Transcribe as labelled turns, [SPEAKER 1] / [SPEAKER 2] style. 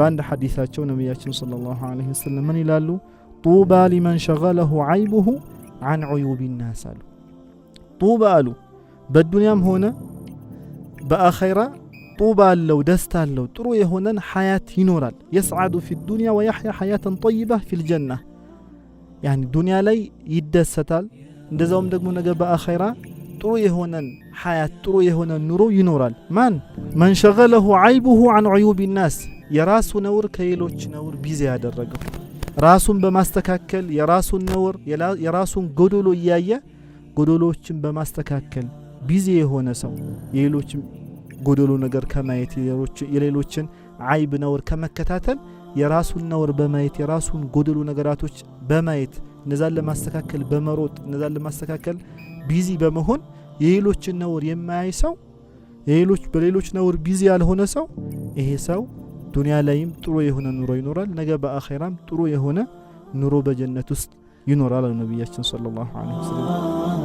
[SPEAKER 1] በአንድ ሐዲታቸው ነቢያችን ሰለላሁ ዐለይሂ ወሰለም ምን ይላሉ? ጡባ ሊመን ሸገለሁ ዓይቡሁ አን ዑዩብ ናስ አሉ። ጡባ አሉ በዱንያም ሆነ በአኸይራ ጡባ አለው ደስታ አለው ጥሩ የሆነን ሐያት ይኖራል። የስዓዱ ፊ ዱንያ ወያሕያ ሐያተን ጠይባ ፊልጀና ያኒ ዱንያ ላይ ይደሰታል። እንደዛውም ደግሞ ነገ በአኸይራ ጥሩ የሆነን ሐያት ጥሩ የሆነን ኑሮ ይኖራል። ማን መንሸገለሁ ዓይቡሁ አን ዑዩብ ናስ የራሱ ነውር ከሌሎች ነውር ቢዚ ያደረገው ራሱን በማስተካከል የራሱን ነውር የራሱን ጎዶሎ እያየ ጎዶሎዎችን በማስተካከል ቢዚ የሆነ ሰው የሌሎች ጎዶሎ ነገር ከማየት የሌሎችን አይብ ነውር ከመከታተል የራሱን ነውር በማየት የራሱን ጎዶሎ ነገራቶች በማየት እነዛን ለማስተካከል በመሮጥ እነዛን ለማስተካከል ቢዚ በመሆን የሌሎችን ነውር የማያይ ሰው የሌሎች በሌሎች ነውር ቢዚ ያልሆነ ሰው ይሄ ሰው ዱንያ ላይም ጥሩ የሆነ ኑሮ ይኖራል። ነገ በአኼራም ጥሩ የሆነ ኑሮ በጀነት ውስጥ ይኖራል ነቢያችን ሰለላሁ ዐለይሂ ወሰለም።